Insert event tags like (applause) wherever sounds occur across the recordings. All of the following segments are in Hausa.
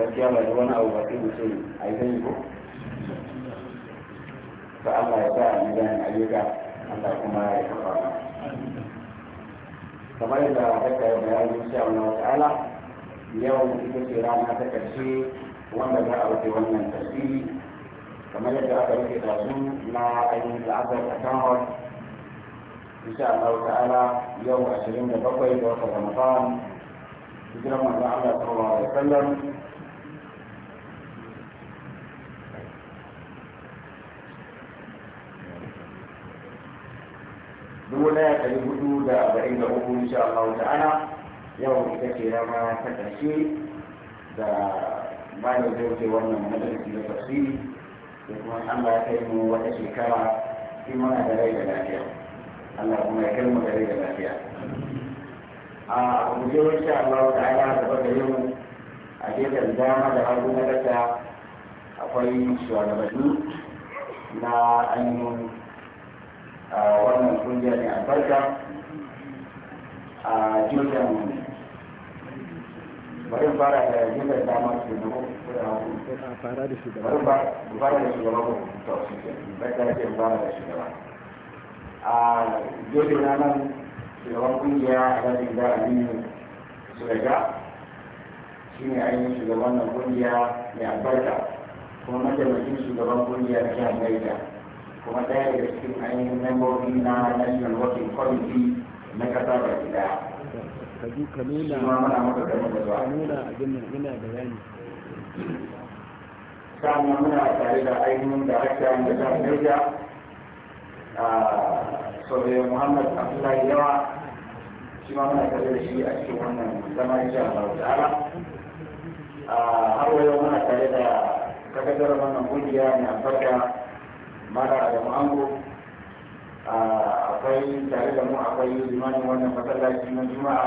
gaskiya ba da wani abu ba sai mu ce a yi zai ko ta Allah ya sa a mizanin ayyuka Allah kuma ya kafa mu kamar yadda aka yi bayani insha Allah ta'ala yau ita ce rana ta karshe wanda za a rufe wannan tasiri kamar yadda aka rufe tasu na ainihin la'asar a kan hall insha Allah ta'ala yau 27 ga watan Ramadan hijiran manzon Allah sallallahu alaihi wasallam dubu ya ɗari hudu da abarin da uku insha Allah ta'ala yau ita ce rama ta ƙarshe da da zai wuce wannan madarki da tafsiri da kuma Allah ya kai mu wata shekara in mana da rai da lafiya Allah kuma ya kai mu da rai da lafiya a guje insha Allah ta'ala gaba da yau a gefen dama da hagu na gasa akwai shugabanni na ainihin a wannan kungiya ne albarka a jirgin bari fara da jirgin damar su da fara da shugaba bari fara da shugaba ko ta wasu ke bai da ke fara da shugaba a jirgin na nan shugaban kungiya a rajin da aminu suraga shi ne ainihin shugaban na kungiya mai albarka kuma mataimakin shugaban kungiya na jihar Niger kuma ɗaya daga cikin ainihin membobi na national working committee na ƙasa ba gida kaji ka nuna ka nuna abin nan ina bayani sannan muna tare da ainihin da aka yi da Niger sobe muhammad abdullahi yawa shi ma muna tare da shi a cikin wannan zama insha Allah Har har wayo muna tare da kakadar wannan kungiya mai albarka mara da ma'ango akwai tare da mu akwai limanin wannan masallaci na juma'a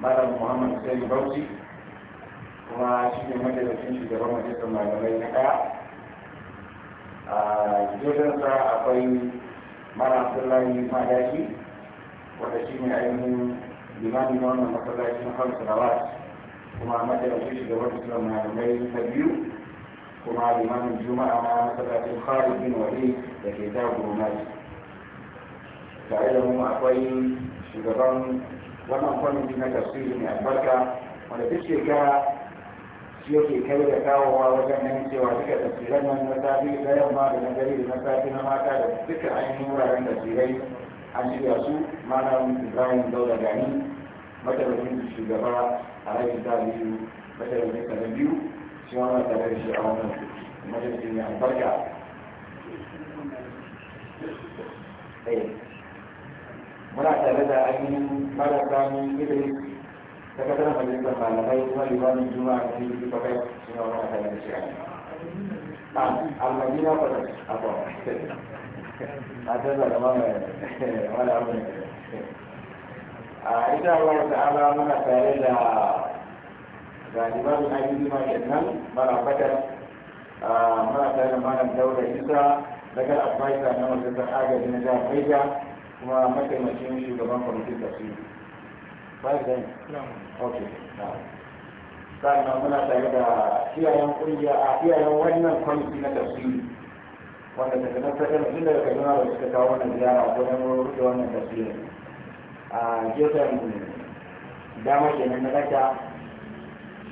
mara muhammad sai bauchi kuma shi ne majalisun shugaban majalisar malamai na ɗaya a sa akwai mara abdullahi madashi wanda shi ne ainihin limanin wannan masallaci na hamsu na kuma majalisun shugaban majalisar malamai na biyu kuma limamin juma'a na masallacin khalid bin wali da ke jago mai tare da mu akwai shugaban wannan kwamiti na tafsiri mai albarka wanda duk shekara shi yake kai da kawowa wajen nan cewa duka tafsiran nan na safi da yamma da na gari da na safi na mata da duka ainihin wuraren tafsirai an shirya su malam ibrahim daura gani mataimakin shugaba a rayu ta mataimakin biyu shi tare da shi a wannan albarka eh. muna tare da ainihin mara sami malamai kuma limanin juma'a shi tare da shi a ah, almadina kwata a mana wani abu ne ah, a ita Allah ta'ala muna tare da ga limamin ayyuki ma kenan mara fatar mara tare da malam daura isa daga advisor na majalisar agaji na jihar Niger kuma mataimakin shugaban kwamitin tafsiri bayan da ok sannan muna tare da iyayen kungiya a iyayen wannan kwamiti na tafsiri wanda daga nan ta da tun daga kaduna da suka kawo wannan ziyara wajen rufe wannan tafsirin a gefen dama kenan na kasa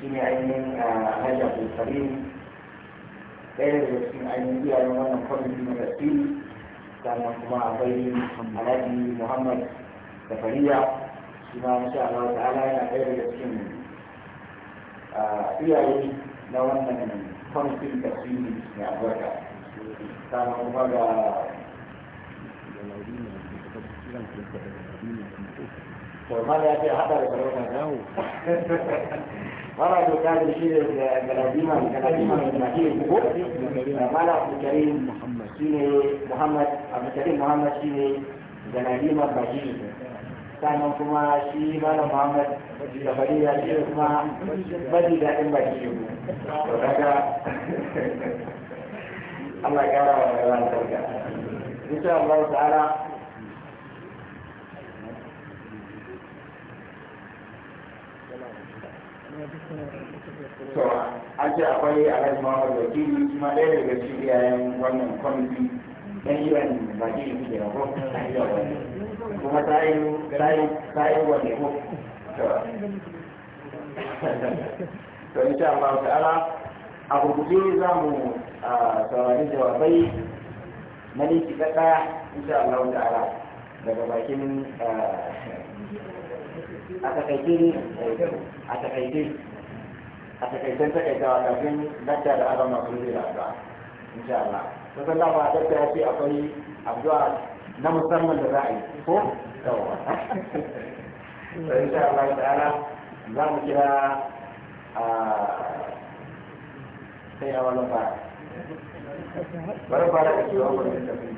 shi a ainihin ah, hajji abdulkarim ɗaya daga cikin ainihin iyayen wannan kwamiti na tasiri sannan kuma akwai alhaji muhammad safariya shi ma masha Allah ta'ala yana ɗaya daga cikin ah, iyaye na wannan kwamitin tasiri mai albarka sannan kuma ga to ma ya ce haɗa da sarauta (laughs) مرة كان يشير القديمة القديمة من المدينة مالا عبد الكريم شيني محمد عبد الكريم محمد شيني القديمة المدينة sannan kuma shi malam muhammad da bariya shi kuma bari daɗin baki to daga Allah ya gara wa rayuwa da daga insha Allah ta'ala to an ce akwai alhaji da wakili kuma ɗaya daga cikin iyayen wannan kwamiti ɗan yiwan wakili suke na ko kuma ta yi wani ko to ba Allah ala a gurguje za mu saurari jawabai na niki kaɗa insha Allah ta'ala daga bakin eh, a takaice ne a takaice a takaicen takaitawa kafin lakta da aka masu zai da addu'a insha Allah sun san lafa dakta ya ce akwai na musamman da za a yi ko yawa to insha Allah ta'ala za mu kira a sai a wani fara bari fara da kiwon wani tafi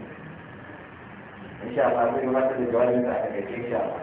insha Allah zai gabatar da jawabin da aka kai insha Allah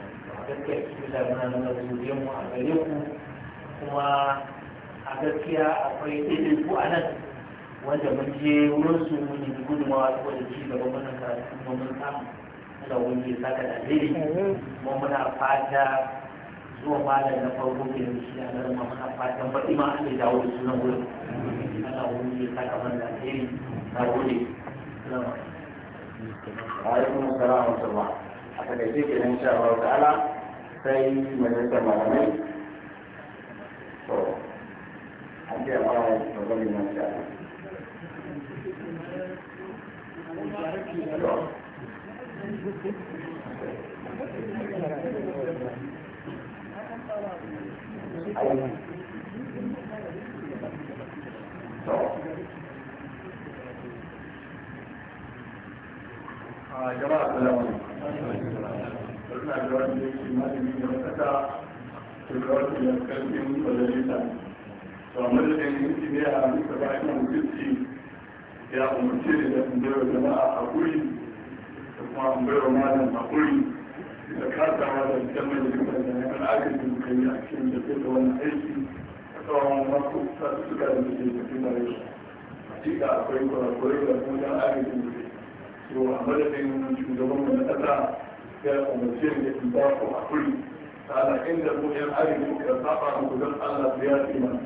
gaskiya cikin damuna na mazuriyar mu a gare ku kuma a gaskiya akwai ɗaiɗai ku a nan wanda mun je wurin su mun yi gudunmawa saboda ci gaba mun wannan karatu kuma mun samu da wani ya saka da alheri kuma muna fata zuwa malam na farko ke da shi a nan muna fata baɗi ma an dawo da sunan wurin ana wani ya saka mana da alheri na gode. Alaikum salam wa rahmatullah. a takaice kenan insha Allah ta'ala sai majalisar malamai to an ce amma ba zan yi nan ah, jama'a salamu alaikum suna da wanda yake malami da makasa shugabanci da karfin majalisa to a madadin a ya umarce da jama'a a guri da kuma tambayar malam a guri da kasawa da ita majalisa da na kan agajin da kai a cikin da ke da wani aiki a tsawon wasu sassuka da ke mara da a hakika akwai kwarakwarai da kuma agajin da ke so a madadin shugaban mu na ya umarce ne in ba ku hakuri ana inda mu yan arewa da saba mu don Allah ya yi mana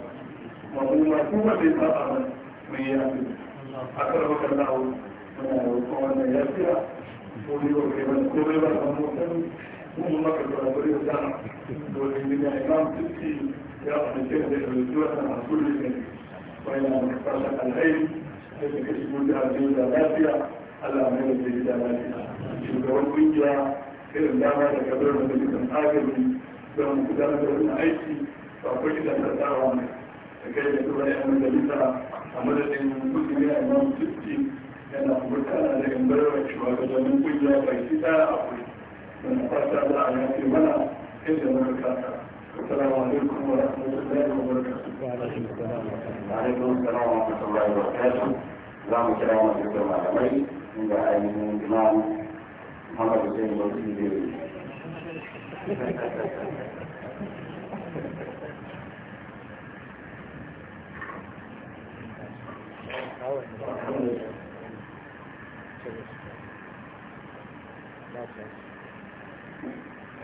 mamuma kuma bai saba mana mai yafi a karbar kallawo muna roƙon wannan yafiya ko ne ko kai mana ko bai ba ka mutum mun maka karbar yau dana dole ne ya imam tuki ya umarce da ya rubuta wannan hakuri ne wani na makasar alhairi da suka shigo da abin da lafiya Allah mai da ya lafiya shugaban kungiya irin dama da kabar majalisar agaji don gudanar da wani aiki ba ko shi da tattawa ne da kai da kuma yan majalisa a madadin kudi ne a nan tutti yana mutana da gambarwa cewa ga zanen kungiya baki daya a kuri don fata za a yafe mana inda muka kasa السلام عليكم ورحمة الله وبركاته. وعليكم السلام ورحمة الله. وعليكم السلام ورحمة الله وبركاته. زعم كلامنا في كلمة علمي عند عين الإمام محمد حسين موجود ليه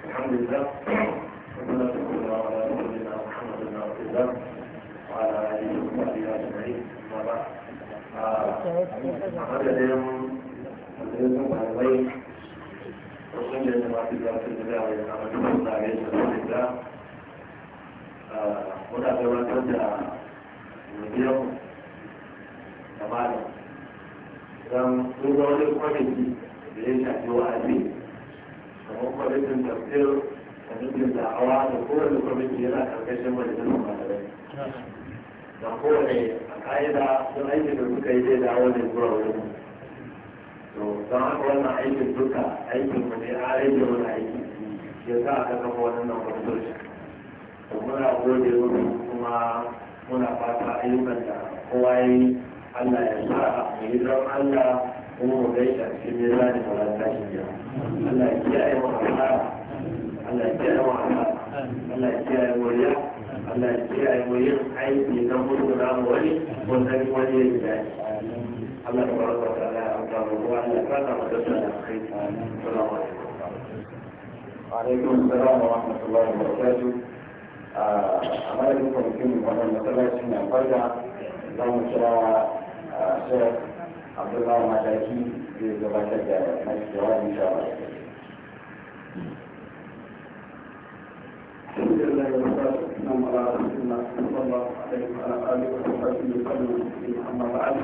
الحمد لله والصلاة والسلام على سيدنا محمد بن عبد الله وعلى آله وصحبه أجمعين أما بعد أعتقد أن الإنسان wajen da ya kamata ya ce da zai ya kama duk da ya ce da wata gabatar da miliyan da malam don sun ga wani kwamiti da ya shafi wa'azi kamar kwamitin tafsir kwamitin da'awa da kowane kwamiti yana karkashin majalisar malamai da kowane a ka'ida sun aiki da suka yi zai dawo ne zuwa wani to don haka wannan aikin duka aikin mu ne a rage wani aiki ya sa aka kafa wannan kwamfuta to muna gode wani kuma muna fata ayyukan da kowa yi Allah ya sa mu yi Allah kuma mu gaishe cikin ta shi ya Allah ya kiyaye mu asara Allah ya kiyaye mu asara Allah ya kiyaye mu riya Allah ya kiyaye mu yin aiki don mutu na wani wanda wani ya yi Allah ya وعليكم السلام ورحمة الله وبركاته أمال لكم كم مرة مثلا اسمي الفرجة لهم شراء شيخ عبد الله المشاكي في زباشة مجلس جواب إن شاء الله الحمد لله والصلاة والسلام على رسول الله صلى الله عليه وعلى آله وصحبه وسلم محمد علي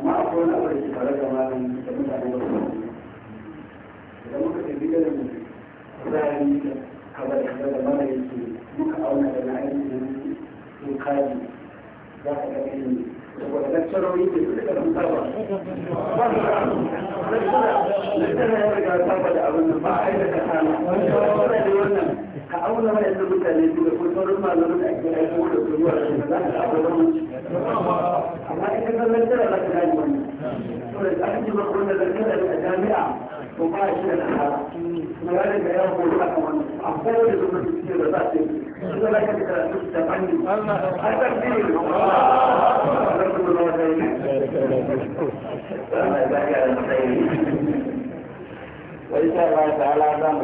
amma akwai wani abu da ke fara da malam da mutane ba su ka tafi da da kuzari da kaza da kaza da mara yake muka auna da na aiki da muke to kaji za a ga irin wanda lakcarori ke su ba da lakcara ya da ka auna mutane su da kuma sauran malamin da ake aiko jami'a to ba shi da nasara kuma ya ya hori a kan wannan a kowace zuwa da da za su yi su da zaka karatu da fanni har da ne da kuma zuwa da yi Allah ya zaka da tsayi wani sai Allah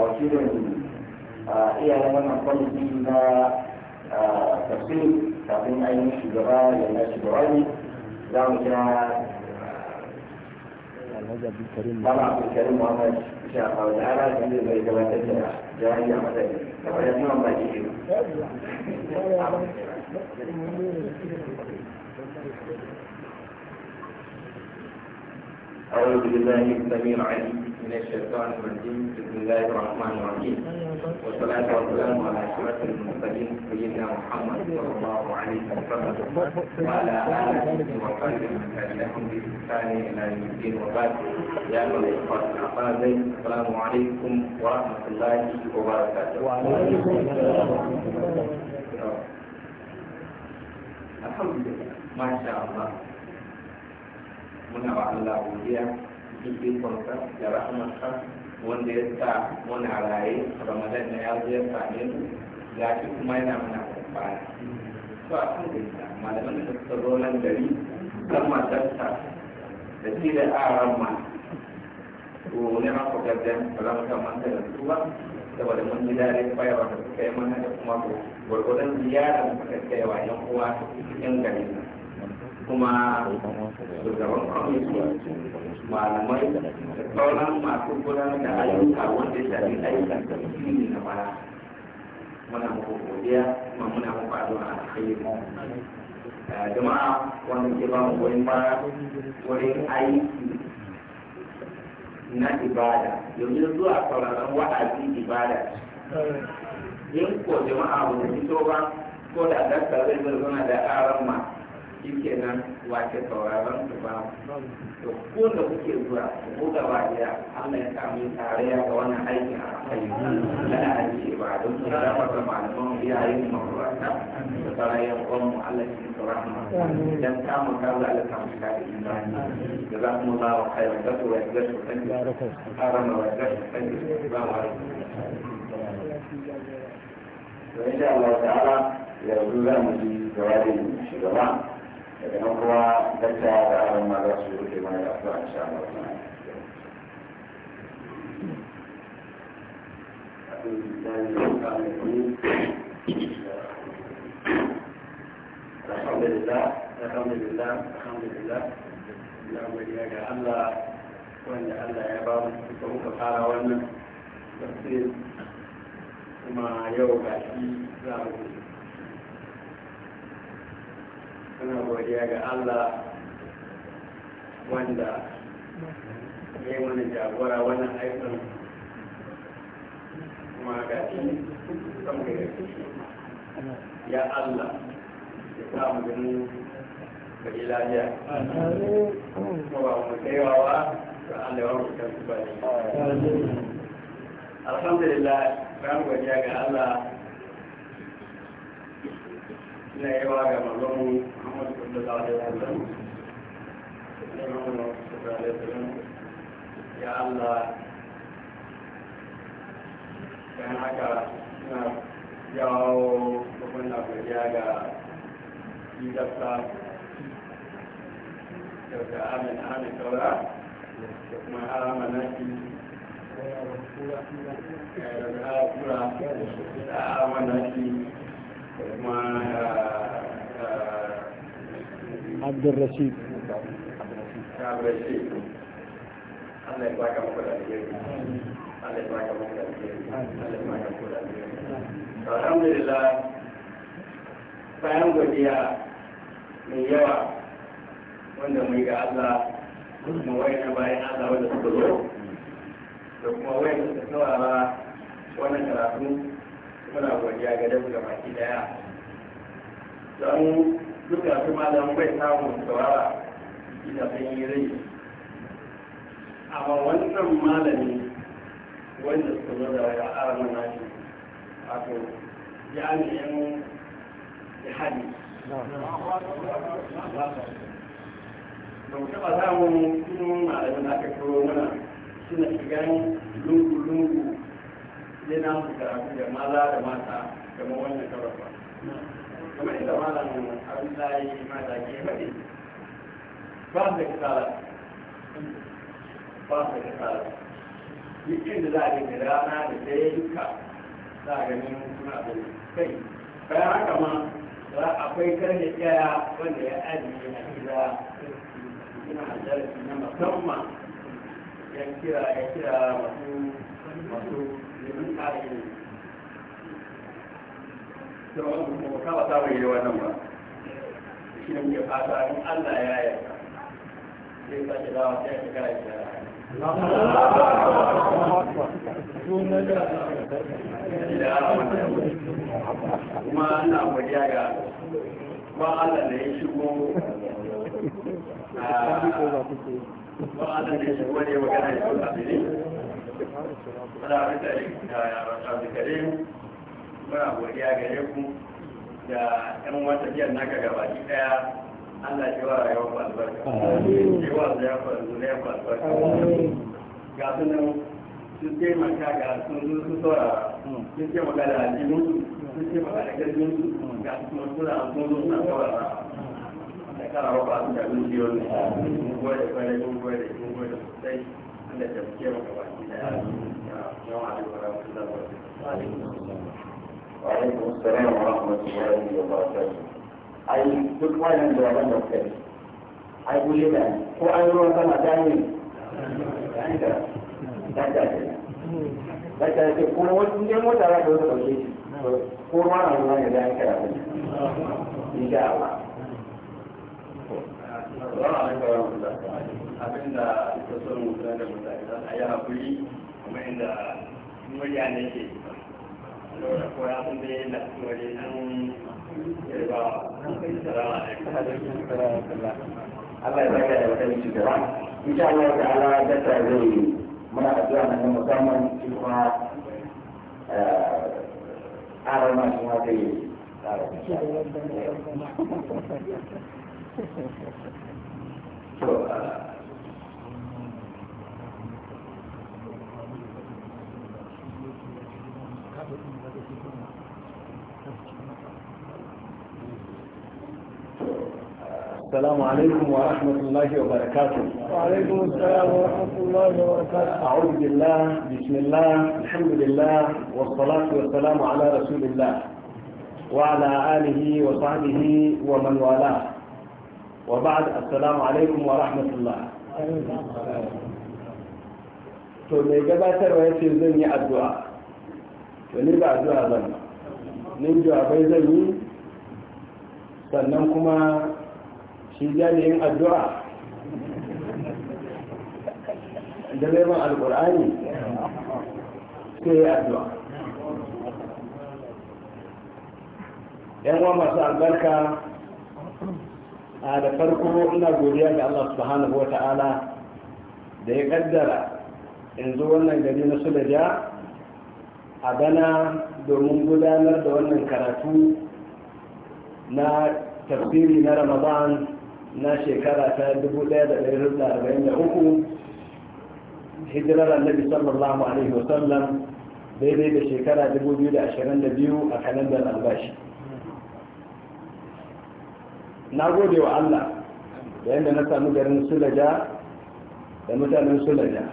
wakilin iyayen na tafsir kafin ainihin shugaba na shugaba ne za mu alhaji abdulkarim mama abdulkarim muhammad insha Allah da ara da ne mai gabatar da jawabi a madadi kamar yadda baki shi أعوذ بالله السميع العليم من الشيطان الرجيم بسم الله الرحمن الرحيم والصلاة والسلام على أشرف المرسلين سيدنا محمد صلى الله عليه وسلم وعلى آله وصحبه من تبعهم بإحسان إلى يوم الدين وبعد يا أيها الإخوة الأعزاء السلام عليكم ورحمة الله وبركاته. وعليكم السلام ورحمة الله وبركاته. الحمد لله ما شاء الله. Muna wa Allah cikin ikonsa da rahamarsa wanda ya sa muna raye ramadan na ya zo ya same mu ga shi kuma yana mana amfani to a kan gaisa malaman da suka zo nan gari kan matarsa da shi da aran ma to ne ma ku gaddan ba za mu kan manta da su ba saboda mun ji daɗin bayarwa da suka yi mana da kuma gwargwadon ziyarar da suka kai wa yan uwa cikin gari kuma shugaban kwamishin malamai da sauran masu gudanar da ayyuka wanda ya shafi ayyukan da ne na baya muna muku godiya kuma muna muku addu'a alkhairi eh, jama'a wanda ke ba mu wurin baya wurin aiki na ibada yanzu zuwa sauraron wa'azi ibada in ko jama'a ba su fito ba ko da dakta zai zama da ƙarar ma shi kenan wace sauraron su ba to ko da kuke zuwa ko da wajiya Allah ya samu tarayya ga wannan aikin a kai lana aiki ba don su zama da malaman iyayen makarata da sarayen kwan mu Allah ya su rahama idan ka mu kawo Allah ta mu kare imani da za mu ba wa kai da su wai gasu kan ka rama wai gasu kan ba wa to insha Allah ta'ala yanzu za mu ji jawabin shugaba daga nan kuma dakta da aron ma za su rufe mana da afuwa Allah ina ga Allah wanda Allah ya ba mu suka muka fara wannan tafsir kuma yau ga shi za mu suna godiya ga Allah wanda ya yi wani jagora wannan aikin kuma ga shi ya Allah ya samu ganin gani ba kuma ba mu kaiwawa ga Allah ya mu kan ba ne alhamdulillah ran godiya ga Allah suna yawa ga malamu Muhammad sallallahu alaihi wasallam yi Muhammad sallallahu alaihi wasallam ya Allah haka suna jawo babban ga idafta daga amin amin da kuma harama naki daga عبد الرشيد عبد الرشيد الله يبارك فيك الله يبارك فيك الله يبارك فيك الحمد لله bayan godiya mai yawa wanda mai ga Allah kuma wayan bayan Allah wanda suka zo da kuma wayan da suka saurara wannan karatu muna godiya ga dabu da maki daya don duka su malam bai samun tsawara ina ban yi rai amma wannan malami wanda su zo da ya ara mana shi wato jami'in jihadi ba za mu taɓa samun malamin da aka kuro mana suna shiga lungu-lungu sai na musu karatu da maza da mata da kamar wannan karafa kamar inda malamin abdullahi mata ke faɗi ba da kasala ba da kasala duk inda za a ga da rana da dare duka za a ganin suna da kai bayan haka ma za akwai karni tsaya wanda ya ajiye a gida suna darasi na musamman ya kira ya kira masu masu domin kare ilimi da wani kuma yi wannan ba shi ne fata in allah ya zai sake dawa kuma godiya ga ba Allah da ya shigo ah, ba Allah da ya shigo ne magana ya muna rika da muna godiya gare ku da yan wata biyan naka gabaki daya Allah ya wa rayuwar ku ya wa zuriyar ku albarka ga su nan sun taimaka ga sun zo su saurara sun taimaka da aljihunsu sun taimaka da garjinsu ga su kuma suna sun zo suna saurara da karawa ba su da zuciyar ne mun gode kwarai gode mun gode sosai an ya taimake mu gabaki وعليكم السلام ورحمة الله wannan da kuka ai guje da ko an ruwan sama ta ne ta ta ta ta ce ko wasu ne mota za ta wata shi ko ma na ruwa ne da ya kira ta Allah. abin da ita son mutum da mutane za a yi haƙuri kuma inda murya ne ke lura ko ya sun zai na wani an yarba Allah ya saka da wata miki gaba insha Allah ta ala da ta zai muna addu'a nan musamman shi eh, kuma ƙarar ma shi ma zai ƙarar السلام عليكم ورحمة الله وبركاته وعليكم السلام ورحمة الله وبركاته أعوذ بالله بسم الله الحمد لله والصلاة والسلام على رسول الله وعلى آله وصحبه ومن والاه وبعد السلام عليكم ورحمة الله to mai gabatarwa ya ce zan yi addu'a to ni ba addu'a zan ba ni jawabai zan yi sannan kuma shi jami'in addu'a da neman alkur'ani sai yi addu'a yan uwa masu albarka a da farko ina godiya da Allah subhanahu wa ta'ala da ya kaddara yanzu wannan gari na sulaja a bana domin gudanar da wannan karatu na tafsiri na ramadan na shekara ta 1443 hijirar annabi sallallahu alaihi wasallam daidai da shekara 2022 a kalandar albashi na gode wa allah da yadda na samu garin sulaja da mutanen sulaja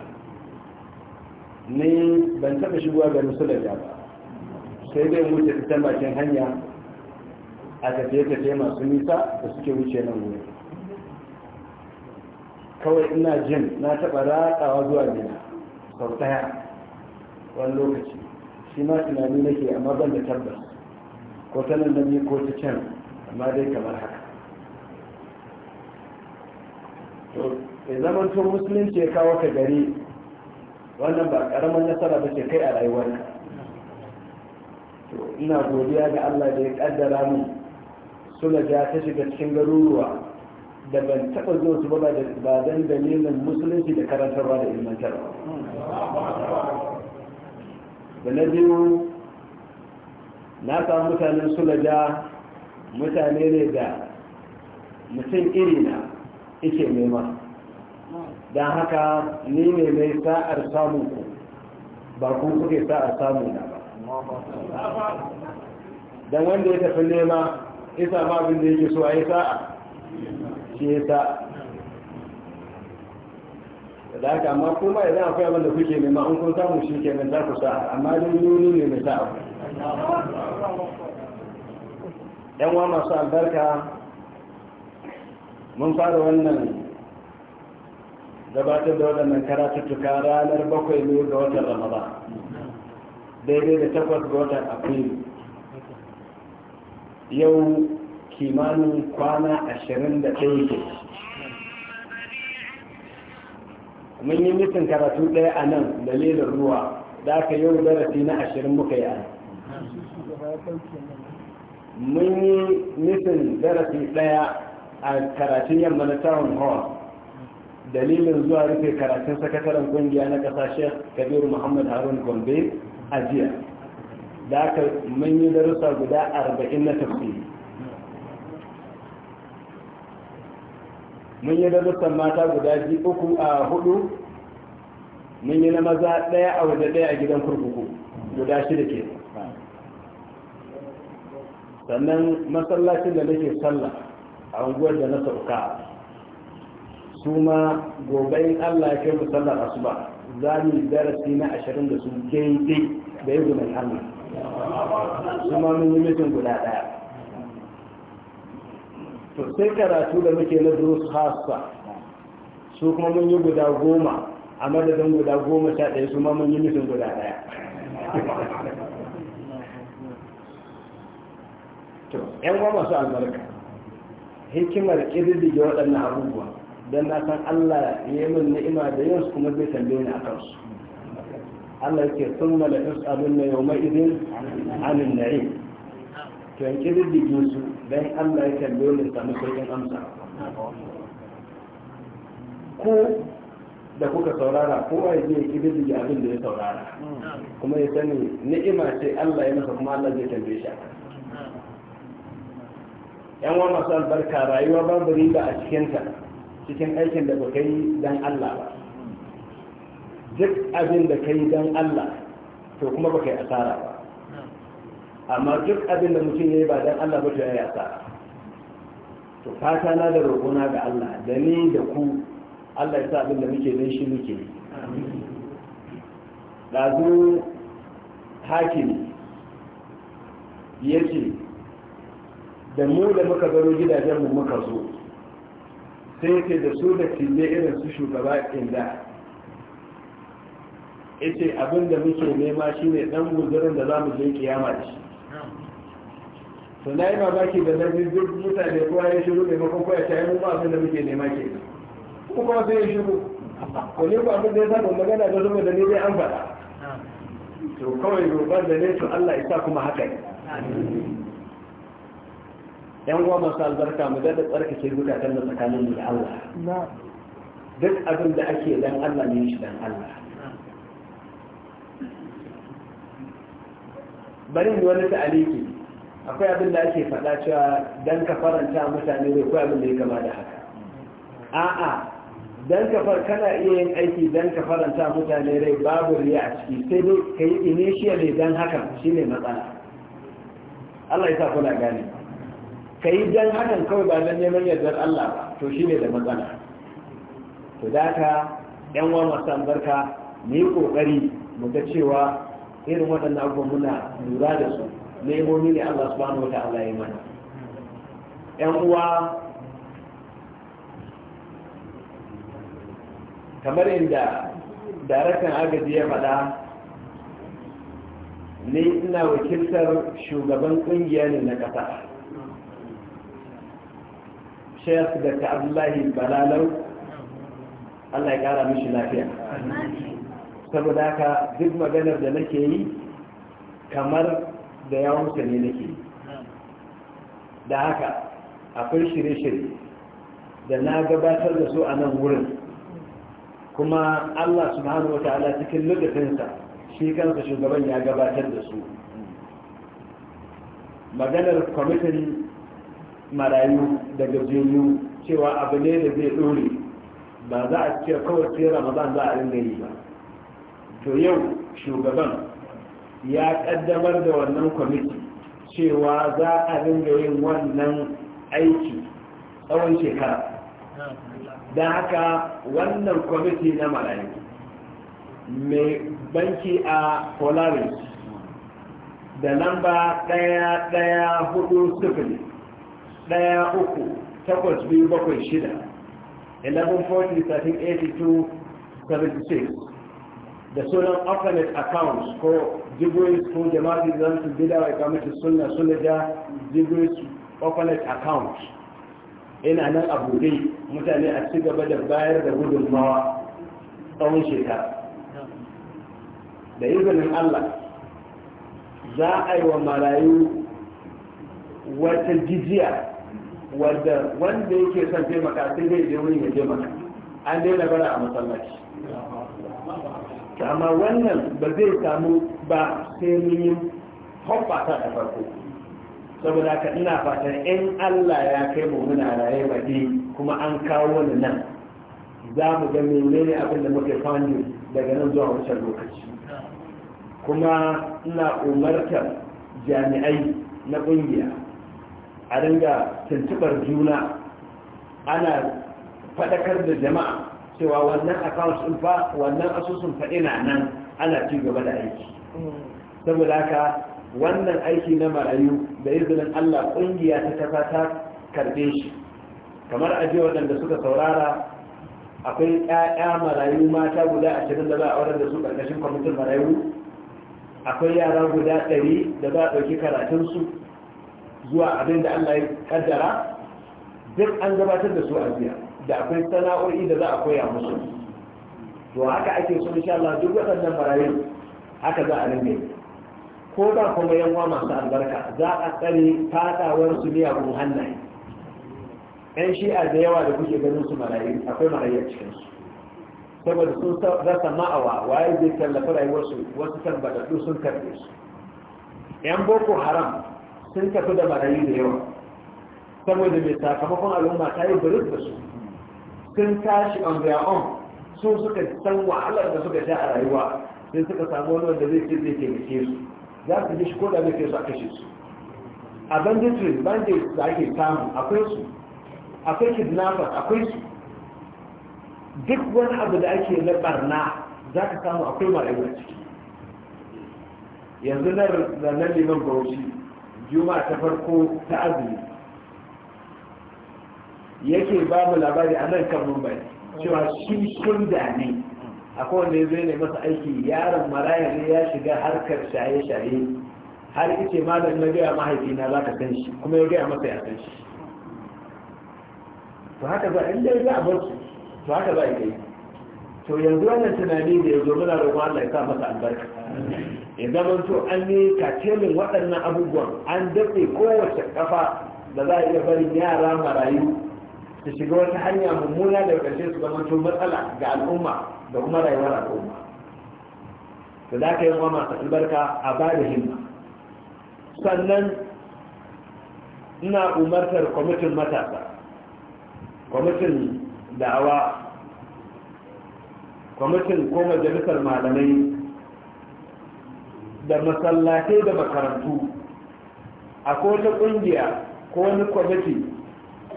ni ban taɓa shigowa garin sulaja ba sai dai wuce ta bakin hanya a tafiye-tafiye masu nisa da suke wuce nan wuri kawai ina jin na taɓa ratsawa zuwa mina sau ɗaya wani lokaci shi ma tunani nake amma ban da tabbas ko ta nan nan ko ta can amma dai kamar haka to ya zaman to musulunci ya kawo ka gari wannan ba ƙaramin nasara ba ce kai a rayuwarka to ina godiya ga allah da ya ƙaddara mu suna ja ta shiga cikin garuruwa da ban taɓa zuwa su ba ba dan dalilin musulunci da karantarwa da ilmantarwa da na biyu na samu mutanen sulaja mutane ne da mutum na ike nema don haka ni ne mai sa'ar samun ku ba ku kuke sa'ar samun na ba don wanda ya tafi nema isa ma abin da yake so a yi sa'a shi ta da haka amma kuma idan akwai abin da kuke nema an kun samu shi kenan za ku sa amma dai nuni ne mai sa abu yan wa masu albarka mun fara wannan gabatar da waɗannan karatuttuka ranar bakwai ne ga watan ramadan daidai da takwas ga watan afrilu yau kimanin kwana ashirin da ɗaya ke mun yi mitin karatu ɗaya a nan da dalilin ruwa da aka yau darasi na ashirin muka yi a mun yi mitin darasi ɗaya a karatun yamma na town hall dalilin zuwa rufe karatun sakataren kungiya na ƙasa kabiru muhammad harun gombe a jiya da aka mun yi darussa guda arba'in na tafsiri mun yi darussan mata guda biyu uku a hudu mun yi na maza ɗaya a waje ɗaya a gidan kurkuku guda shida ke sannan masallacin da nake sallah a unguwar da na sauka su ma gobayin allah ya kai mu sallar asuba za mu yi darasi na ashirin da su daidai da yi gudan hannu. su ma mun yi mutum guda ɗaya to sai karatu da muke na durus hasa su kuma mun yi guda goma a madadin guda goma sha ɗaya su ma mun yi mutum guda ɗaya to yan uwa masu albarka hikimar ƙididdige waɗannan abubuwa don na san Allah ya yi min ni'ima da yin su kuma zai tambaye ni a kansu Allah yake sun mala tus'alun na yau ma'izin anin na'im to yanki diddige su don allah ya kan dole sami sauƙin amsa ko da kuka saurara ko ya je ya kididdige abin da ya saurara kuma ya sani ni'ima ce allah ya masa kuma allah zai tambaye shi yan wa masu albarka rayuwa babu riba a cikinta cikin aikin da baka yi don allah ba duk abin da ka yi don allah to kuma ka yi asara ba amma duk abin da mutum yi ba don Allah ba to yasa, asara to fata na da roƙona ga Allah da ni da ku Allah ya sa abin da muke don shi muke Hakim hakimi ce, da mu da muka baro gidajen mu muka zo sai ce da su da tille irin su shugaba inda yace abin da muke nema shine dan guzurin da zamu je kiyama da shi to na yi mamaki da nabi duk mutane kuma ya shiru ne makon koya ta yi mu ba abin da muke nema ke kuma sai ya shiru ko ne ba abin da ya samu magana da zuba da ne dai an faɗa to kawai roƙon da ne to Allah ya sa kuma haka ne yan uwa masu albarka mu ga da tsarkake zukatan da tsakanin mu da Allah duk abin da ake dan Allah ne shi dan Allah bari mu wani ta'aliki akwai abin da ake faɗa cewa don ka faranta mutane ne akwai abin da ya kama da haka a'a don ka far kana iya yin aiki don ka faranta mutane rai babu riya a ciki sai dai ka yi dan ne don hakan shine matsala Allah ya sa kuna gane ka yi don hakan kawai ba don neman yardar Allah ba to shine da matsala to da ka yan wa masu barka mu yi kokari mu ga cewa irin waɗannan abubuwan muna lura da su nemomi ne Allah subhanahu wa ta'ala ya mana uwa kamar inda darakan agaji ya faɗa ne ina wakiltar shugaban ƙungiya ne na ƙasa shayar da ta abdullahi balalau allah ya ƙara mishi lafiya saboda haka duk maganar da nake yi kamar da yawunsa ne nake da haka akwai shirye-shirye da na gabatar da su a nan wurin kuma allah subhanahu wata'ala cikin lokacinsa shi kansa shugaban ya gabatar da su maganar kwamitin marayu da gajiyoyi cewa abu ne da zai ɗore ba za a ce kawai ramadan za a ringa yi ba to yau shugaban ya kaddamar da wannan kwamiti cewa za a dinga yin wannan aiki tsawon shekara da haka wannan kwamiti na malayu mai banki a polaris da lamba ɗaya ɗaya hudu sifili ɗaya uku takwas biyu bakwai da sunan alternate accounts ko gigoyi ko jama'i zan su bida wa ikamata suna suna ja gigoyi su ofanet account ina nan a buɗe mutane a ci gaba da bayar da gudunmawa tsawon shekara da izinin allah za a yi wa marayu wata jijiya wadda wanda yake son taimaka sai zai je wurin ya taimaka an daina bara a masallaci amma wannan ba zai samu ba sai mun yi hoppata da farko saboda ka ina fatan in Allah ya kai mu muna raye baɗi kuma an kawo wani nan za mu ga menene abin da muke fani daga nan zuwa wancan lokaci kuma ina umartar jami'ai na ƙungiya a dinga tuntuɓar juna ana faɗakar da jama'a cewa wannan account din fa wannan asusun fa ina nan ana ci gaba da aiki saboda haka wannan aiki na marayu da izinin Allah kungiya ta kasa ta karbe shi kamar aje waɗanda suka saurara akwai ƴaƴa marayu mata guda ashirin da za a da su ƙarƙashin kwamitin marayu akwai yara guda ɗari da za a ɗauki su zuwa abin da Allah ya kaddara duk an gabatar da su a biya da akwai sana'o'i da za a koya musu to haka ake so insha Allah duk waɗannan marayu haka za a rinke ko da kuma yanwa masu albarka za a tsare fadawar su miyagun hannaye yan shi'a da yawa da kuke ganin su marayu akwai marayu a cikin su saboda sun rasa ma'awa waye zai tallafa rayuwarsu wasu tabbatattu sun karbe su yan boko haram sun tafi da marayu da yawa saboda mai sakamakon al'umma ta yi biris da su sun tashi on their own sun suka san wahalar da suka sha a rayuwa sai suka samu wani wanda zai ce zai taimake su za su ji shi ko da zai su a kashe su a banditry bandit da ake samu akwai su akwai kidnappers akwai su duk wani abu da ake na barna za ka samu akwai marayu a ciki yanzu na nan liman bauchi juma'a ta farko ta azumi yake ba mu labari a nan kan bai cewa shi shulda ne akwai wanda ya zai ne masa aiki yaron maraya ne ya shiga harkar shaye-shaye har ice malam na gaya mahaifina za ka san shi kuma ya gaya masa ya san shi to haka za a inda za a barci to haka za a yi to yanzu wannan tunani da ya zo muna roƙon Allah ya sa masa albarka ya zama to an yi katelin waɗannan abubuwan an dafe kowace kafa da za a iya barin yara marayu su shiga wata hanya mummuna da ƙarshe su zama to matsala ga al'umma da kuma rayuwar al'umma da za ka yi wa masu albarka a ba da himma sannan ina umartar kwamitin matasa kwamitin da'awa kwamitin ko majalisar malamai da masallatai da makarantu a ko wata ƙungiya ko wani kwamiti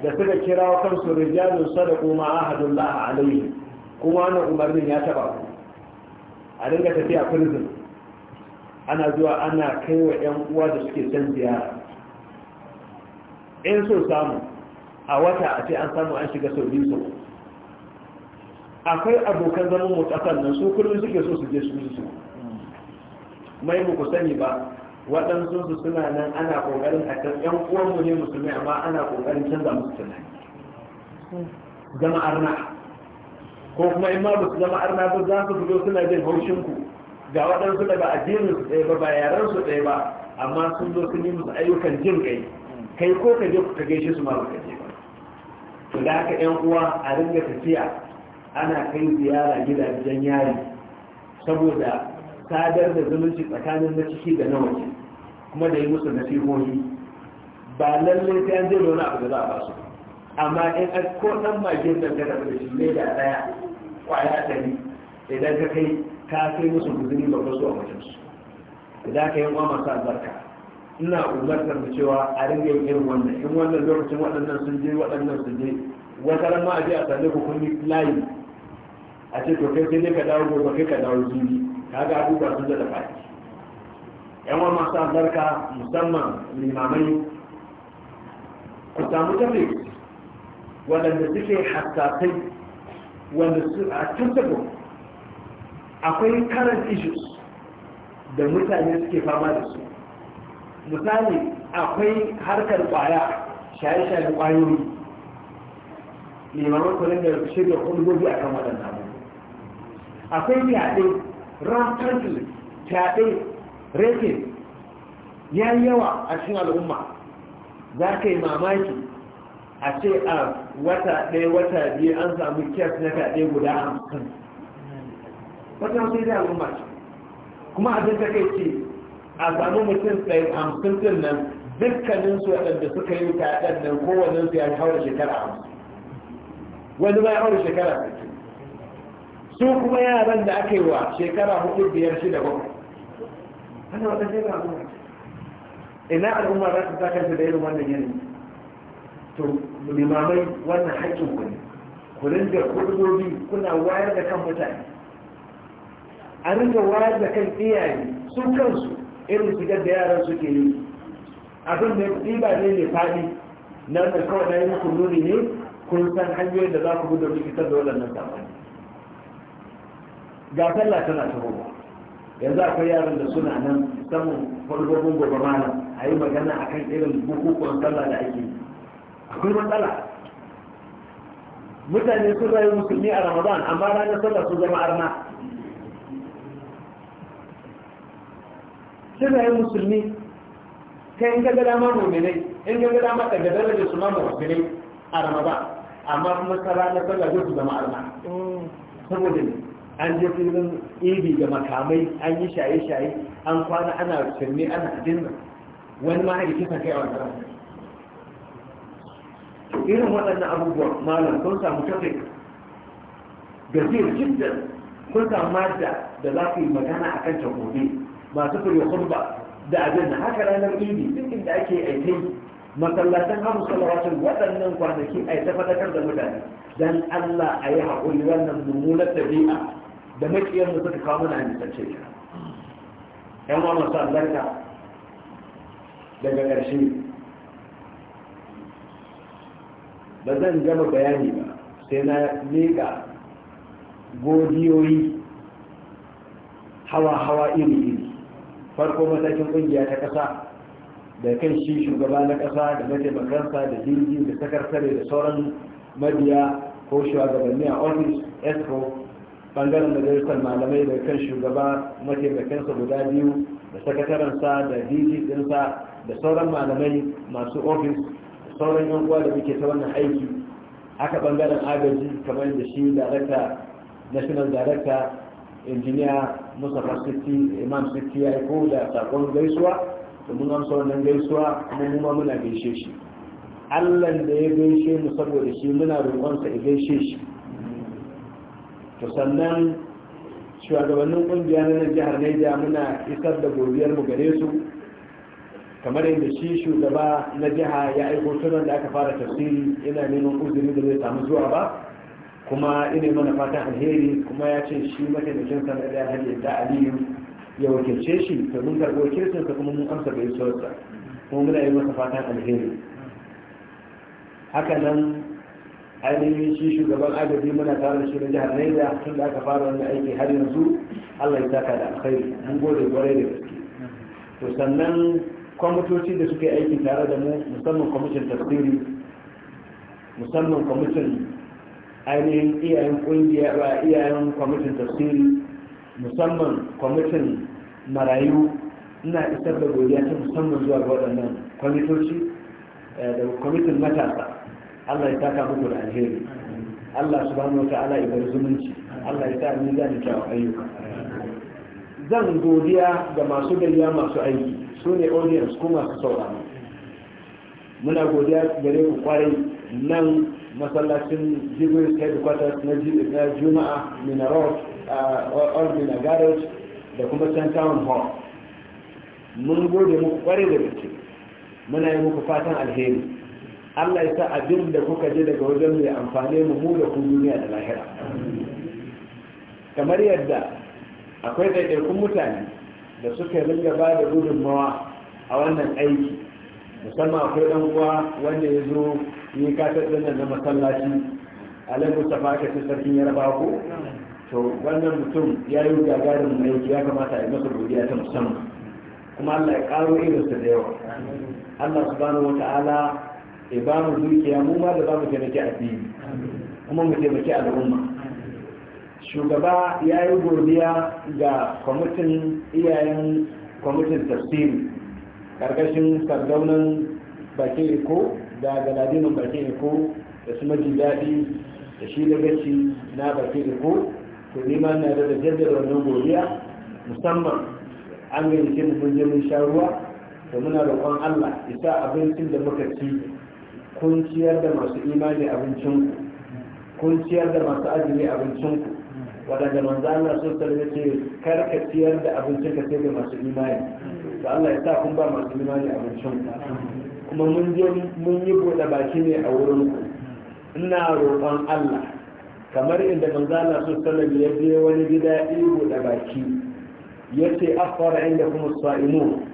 da suka kira kansu rijalun sadaku ma ahadullah alaihi kuma wannan umarnin ya taba ku a dinga tafiya prison ana zuwa ana kai wa yan uwa da suke can ziyara in so samu a wata a ce an samu an shiga sau biyu sau akwai abokan zaman mu kasar nan su kullum suke so su je su su mai muku sani ba waɗansu su suna nan ana ƙoƙarin a kan ƴan uwanmu ne musulmi amma ana ƙoƙarin canza musu tunani zama arna ko kuma in ma ba su zama arna ba za su fito suna jin haushin ku ga waɗansu da ba addinin su ɗaya ba ba yaran su ɗaya ba amma sun zo sun yi musu ayyukan jin kai kai ko ka je ka gaishe su ma ba ka je ba to da haka ƴan uwa a ringa tafiya ana kai ziyara gidajen yari saboda sadar da zumunci tsakanin na ciki da na waje kuma da yi musu nasihohi ba lallai sai an zai wani abu da za a ba su amma in an ko dan magin da ka tafi da shi ne da daya kwaya dari idan ka kai ka kai musu guzuri ba kwaso a mutum su idan ka yi wa masu albarka ina umartar da cewa a ringa yin irin wannan in wannan lokacin waɗannan sun je waɗannan sun je wata ran ma a je a sami ku layi a ce to kai sai dai ka dawo gobe kai ka dawo jibi kaga abubuwa sun da faɗi yan wa masu albarka musamman limamai ku samu tafi waɗanda suke hassasai wanda su a tattabo akwai karan issues da mutane suke fama da su misali akwai harkar kwaya shaye-shaye kwayoyi limaman kwanan da shirya kulgobi a kan waɗanda akwai yaɗe rafansu taɗe reke ya yi yawa a cikin al'umma za ka yi mamaki a ce a wata ɗaya wata biyu an samu kyas na taɗe guda hamsin wata wasu zai al'umma ce kuma a da kai ce a samu mutum tsaye hamsin din nan dukkaninsu waɗanda suka yi taɗen nan kowannen su ya haura shekara hamsin wani ma ya haura shekara hamsin su kuma yaran da aka yi wa shekara hudu biyar shida ba ana wata shekara hudu ina al'umma za su zaka su da irin wannan yanayi to limamai wannan haƙƙin ku ne ku rinka kuna wayar da kan mutane a rinka wayar da kan iyaye su kansu irin su da yaran suke yi abin da ba ne ne faɗi na da kawai na yi muku nuni ne kun san hanyoyin da za ku gudu rikitar da waɗannan zamani ga sallah tana tahowa yanzu akwai yaran da suna nan saman kwalbabin gobe mana a yi magana a kan irin bukukuwan sallah da ake akwai matsala mutane sun rayu musulmi a ramadan amma ranar talla sun zama arna sun rayu musulmi ta in gaga dama mominai in gaga dama daga da su ma musulmi a ramadan amma kuma ta ranar sallah zai su zama arna mm. saboda ne an je filin ibi da makamai an yi shaye-shaye an kwana ana shirme ana dinna wani ma haɗe kisan kai a irin waɗannan abubuwa malam sun samu tafi gajiyar jiddan kun samu madda da za ku yi magana a kan takobi masu kuriya kurba da abin da haka ranar ibi duk inda ake aikai masallatan hamu salawatun waɗannan kwanaki a yi fadakar da mutane dan Allah a yi haƙuri wannan mummunar tabi'a da makiyar da suka kawo mana hannutacce ta, yan wa masu albarka daga ƙarshe ba zan gama bayani ba sai na leƙa godiyoyi hawa-hawa iri-iri farko matakin ƙungiya ta ƙasa da kan shi shugaba na ƙasa da mataimakansa da jirgin da sakartare da sauran mabiya ko shugabanni a ofis esco bangaren majalisar malamai da kan shugaba mataimakinsa guda biyu da sakatarensa da dg dinsa da sauran malamai masu ofis sauran yan uwa da muke ta wannan aiki haka bangaren agaji kamar da shi darakta national darakta injiniya musa city imam city ya ko da sakon gaisuwa da mun amsa wannan gaisuwa kuma mu muna gaishe shi allah da ya gaishe mu saboda shi muna roƙonsa ya gaishe shi to sannan shugabannin ƙungiya na nan jihar naija muna isar da godiyar mu gare su kamar yadda shi shugaba na jiha ya aiko sunan da aka fara tafsiri ina neman uzuri da zai samu zuwa ba kuma ina mana fatan alheri kuma ya ce shi mataimakin sa na ɗaya hajji da aliyu ya wakilce shi to mun karɓo wakilcinsa kuma mun amsa bai sauransa kuma muna yi masa fatan alheri haka nan ainihin shi shugaban agaji muna tare da shi na jihar Niger tun da aka fara wannan aiki har yanzu Allah ya saka da alkhairi mun gode gwarai da gaske to sannan kwamitoci da suke aiki tare da mu musamman kwamitin tafsiri musamman kwamitin ainihin iyayen kungiya ba iyayen kwamitin tafsiri musamman kwamitin marayu ina isar da godiya ta musamman zuwa ga waɗannan kwamitoci eh, da kwamitin matasa Allah ya taka muku da alheri Allah subhanahu wa ta'ala ya bar zumunci Allah ya sa ni zan kyawu ayyuka zan godiya ga masu gayya masu aiki sune ne audience kuma su muna godiya gare ku kwarai nan masallacin jibril headquarters na juma'a minarot a ordina garage da kuma can town hall mun gode muku kwarai da gaske muna yi muku fatan alheri Allah ya sa abin da kuka je daga wajen mai amfani mu mu da ku duniya da lahira kamar yadda akwai ɗaiɗaikun mutane da suka ringa ba da gudunmawa a wannan aiki musamman akwai ɗan uwa wanda ya zo yi katar ɗin na masallaci alai mustapha aka ce sarkin yarbawa ko to wannan mutum ya yi gagarin aiki ya kamata a yi masa godiya ta musamman kuma allah ya ƙaro irinsa da yawa allah subhanahu wa ta'ala ya ba mu dukiya mu ma da za mu taimaki addini kuma mu taimaki al'umma shugaba ya yi godiya ga kwamitin iyayen kwamitin tafsiri karkashin sardaunan bakin iko da galadinin bakin iko da su maji daɗi da shi da gaci na bakin iko to nima na da da jaddada wannan godiya musamman an gani ke mun je mun sha ruwa to muna roƙon Allah isa abincin da muka ci kun ciyar da masu imani abincinku kun ciyar da masu azumi abincinku waɗanda manzo Allah sun tarbe ce kar ka ciyar da abincin ka sai da masu imani to Allah ya sa kun ba masu imani abincin kuma mun je mun yi buɗe baki ne a wurinku ina roƙon Allah kamar inda manzo Allah sun tarbe ya je wani gida yi buɗe baki yace afara inda kuma sa'imun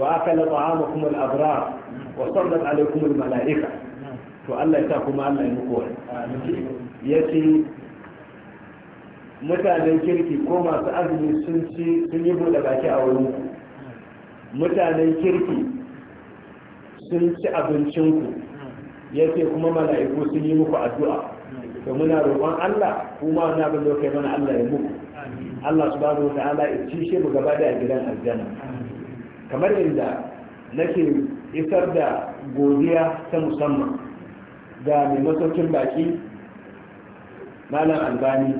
wa akala ta'amakum al-abrar wa sallat alaykum al-mala'ika to Allah ya sa kuma Allah ya muku wani ya ce mutanen kirki ko masu azumi sun ci sun yi buɗe baki a wurin ku mutanen kirki sun ci ku. ya ce kuma mala'iku sun yi muku addu'a to muna roƙon Allah kuma na abin da kai mana Allah ya muku Allah subhanahu wa ta'ala ya ci shi mu gaba da gidan aljanna kamar inda nake isar da godiya ta musamman Da mai masaukin baki malam albani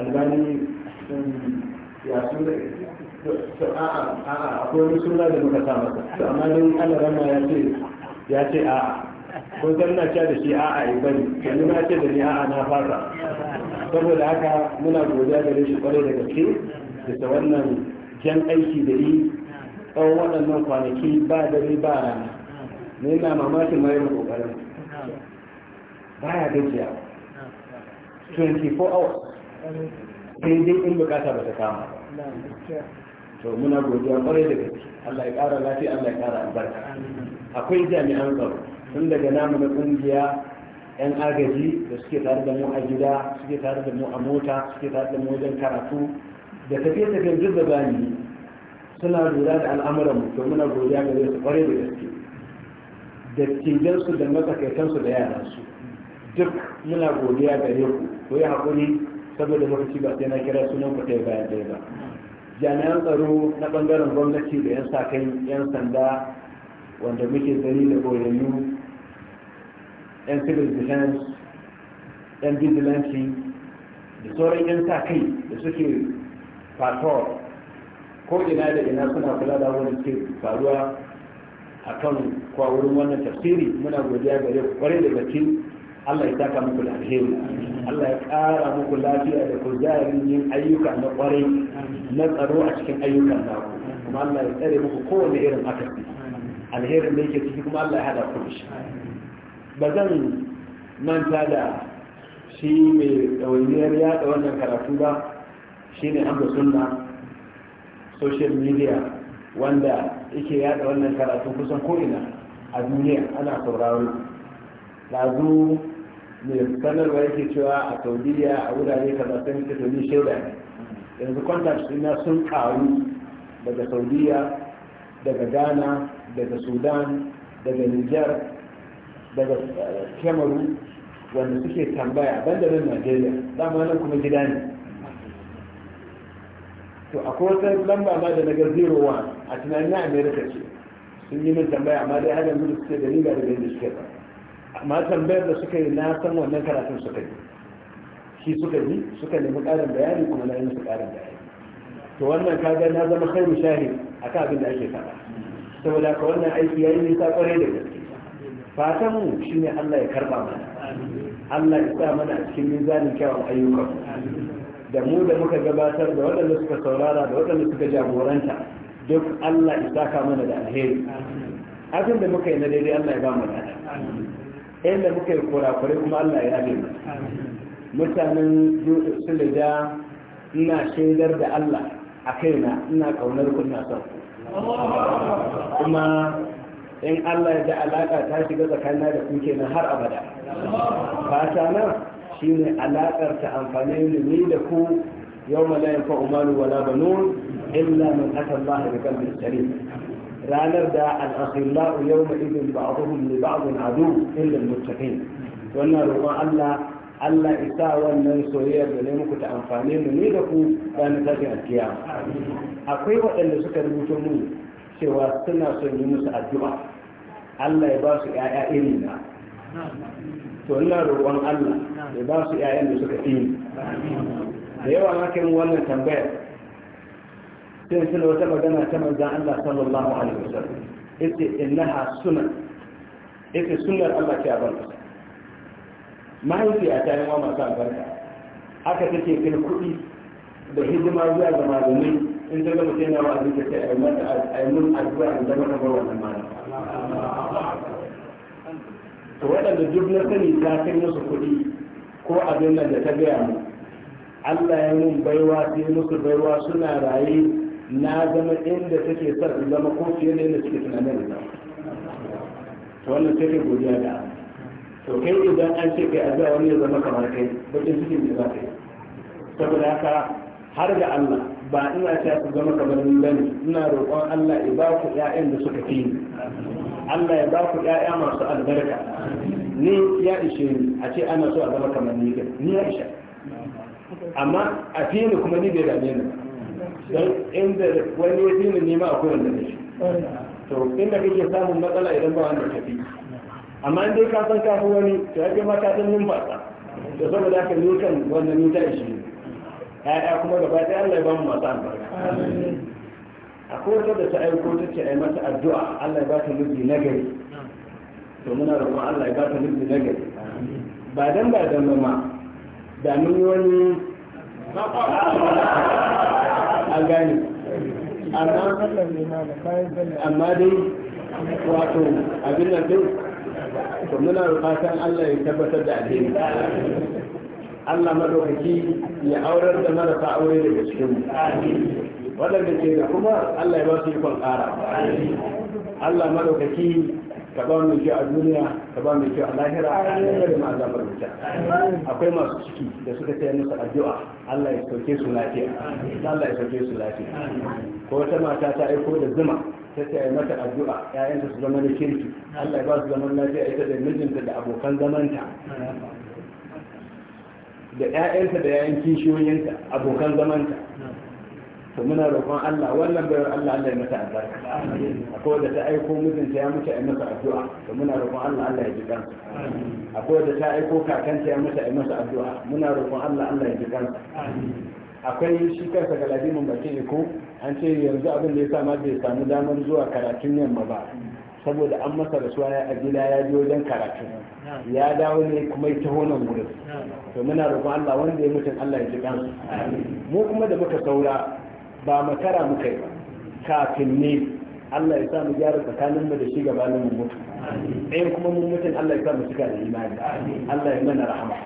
albani um, ya suna a'a akwai wani suna da muka sa masa amma don alarama ya ce ya ce a? kun zan na da shi a'a ya bari yanzu na ce da ni a'a na fasa saboda haka muna godiya da rashin kwarai da gaske da wannan jan aiki da yi tsawon waɗannan kwanaki ba dare ba rana ne yana mamakin ma yana kokarin baya gajiya 24 hours sai dai in bukata ba ta kama to muna godiya kwarai da gaske Allah ya kara lafiya Allah ya kara albarka akwai jami'an tsaro tun daga namu na kungiya yan agaji da suke tare da mu a gida suke tare da mu a mota suke tare da mu wajen karatu da tafiye tafiye duk da bani suna lura da al'amuran mu to muna godiya gare su kwarai da gaske da tijansu da matsakaitansu da su duk muna godiya ga yau ko yi haƙuri saboda lokaci ba sai na kira sunan ku ɗaya bayan ɗaya ba jami'an tsaro na ɓangaren gwamnati da 'yan sakai 'yan sanda wanda muke gani da ɓoyayyu 'yan civil defense 'yan vigilance da sauran 'yan sakai da suke patrol ko ina da ina suna kula da wani ke faruwa akan kwa wurin wannan tafsiri muna godiya gare ku kwarai da gaske Allah ya taka muku da alheri Allah ya kara muku lafiya da kuzarin yin ayyuka na kwarai na tsaro a cikin ayyukan naku kuma Allah ya tsare muku kowane irin akasi alherin da yake ciki kuma Allah ya hada ku shi ba zan manta da shi mai ɗawainiyar yaɗa wannan karatu ba shine Hamza Sunna social media wanda yake yada wannan karatu kusan ko ina a duniya ana sauraro lazu mai sanarwa yake cewa a saudiya a wurare kaza sun fita domin shaida ne yanzu kwantar ina sun karu daga saudiya daga ghana daga sudan daga niger daga eh, cameroon wanda suke tambaya banda nan najeriya dama nan kuma gida ne to akwai wata lamba ma da naga 01 a tunanin america ce sun yi min tambaya amma dai har yanzu da suke da riga da gani suke ba amma tambayar da suka yi na san wannan karatun suka yi shi suka yi suka nemi ƙarin bayani kuma na yi musu ƙarin bayani to wannan kaga na zama khairu shahi aka abin da ake faɗa saboda ka wannan aiki yayi nisa kwarai da gaske fatan shine Allah ya karba mana Allah ya sa mana a cikin mizanin kyawun ayyukan da mu da muka gabatar da waɗanda suka saurara da waɗanda suka jagoranta duk Allah isaka mana da alheri abin da muka yi na daidai Allah ya ba mu da inda muka yi kurakurai kuma Allah ya yi mutanen su da ja ina shaidar da Allah a kaina ina kaunar kunna son kuma in Allah ya ji alaka ta shiga tsakanina da kuke na har abada fata na shine alaƙar ta amfani da ni da ku yau ma layin fa umaru wala banun illa man ata Allah da kalbin salim ranar da al-akhillau yawma idin ba'dhum li ba'dhin adu illa al-muttaqin wannan roƙon Allah Allah isa wannan soyayyar da ne muku ta amfani mu ni da ku ranar tashin alkiyama akwai waɗanda suka rubuto mun cewa suna son yi musu addu'a Allah ya ba su ‘ya'ya iri na to ina roƙon Allah ya ba su iyayen da suka fi da yawa na kai wannan tambayar sai suna wata magana ta manzan Allah sallallahu alaihi wasallam yace innaha sunan ita sunnar Allah ke a barka mahaifiya ta yi wa masu albarka haka take kai kuɗi da hidima zuwa ga malami in ta gama sai wa a ta a yi mun addu'a in zama na ba wannan malami to waɗanda duk na sani ta kai musu kuɗi ko abin nan da ta gaya mu Allah ya mun baiwa sai musu baiwa suna raye na zama inda take son zama ko fiye da inda suke tunanin da to wannan take godiya da to kai idan an ce kai azza wani ya zama kamar kai bakin cikin da za ka yi saboda haka har da Allah ba ina ta ku zama kamar ni bane ina roƙon Allah ya ba ku ƴaƴan da suka fi ni Allah ya ba ku ƴaƴa masu albarka ni ya ishe ni a ce ana so a zama kamar ni ni ya ishe amma a fi ni kuma ni bai dame ni don inda wani ya fi ni nima akwai wanda ne shi to inda kake samun matsala idan ba wanda ka fi amma in dai ka san kafin wani to ya ke maka ɗan numfasa da saboda haka ni kan wannan ni ta ishe ni ya'ya kuma gaba ɗaya Allah ya ba mu masu albarka A wata da ta aiko ta ce ai mata addu'a Allah ya ba ta miji na gari to muna roƙon Allah ya ba ta miji na gari ba dan ba dan ba ma da mun wani an gane amma dai wato abin nan dai to muna roƙon Allah ya tabbatar da alheri Allah madaukaki ya aurar da marasa aure daga cikin waɗanda ke da kuma Allah ya ba su ikon ƙara Allah madaukaki ka ba mu a duniya ka ba mu a lahira da mu azabar rubuta akwai masu ciki da suka taya musu addu'a Allah ya sauke su lafiya Allah ya sauke su lafiya ko wata mata ta aiko da zuma ta taya mata addu'a ƴaƴanta su zama da kirki Allah ya ba su zaman lafiya ita da mijinta da abokan zamanta da 'ya'yanta da 'ya'yan kishiyoyinta abokan zamanta to muna roƙon Allah wannan bayar Allah Allah ya mata albarka akwai da ta aiko mijinta ya mata ai masa addu'a to muna roƙon Allah Allah ya ji kan akwai da ta aiko kakanta ya mata ai masa addu'a muna roƙon Allah Allah ya ji kan akwai shi kansa galadimin bakin ko an ce yanzu abin da ya sa ma bai samu damar zuwa karatun yamma ba saboda an masa rasuwa ya a gida ya je wajen karatu ya dawo ne kuma ya taho nan wurin to muna roƙon Allah wanda ya mutum Allah ya ji kan mu kuma da muka saura ba makara muka yi ba kafin ne Allah ya sa mu gyara tsakanin mu da shi gabanin mu mutu ɗayan kuma mun mutum Allah ya sa mu cika da imani Allah ya mana rahama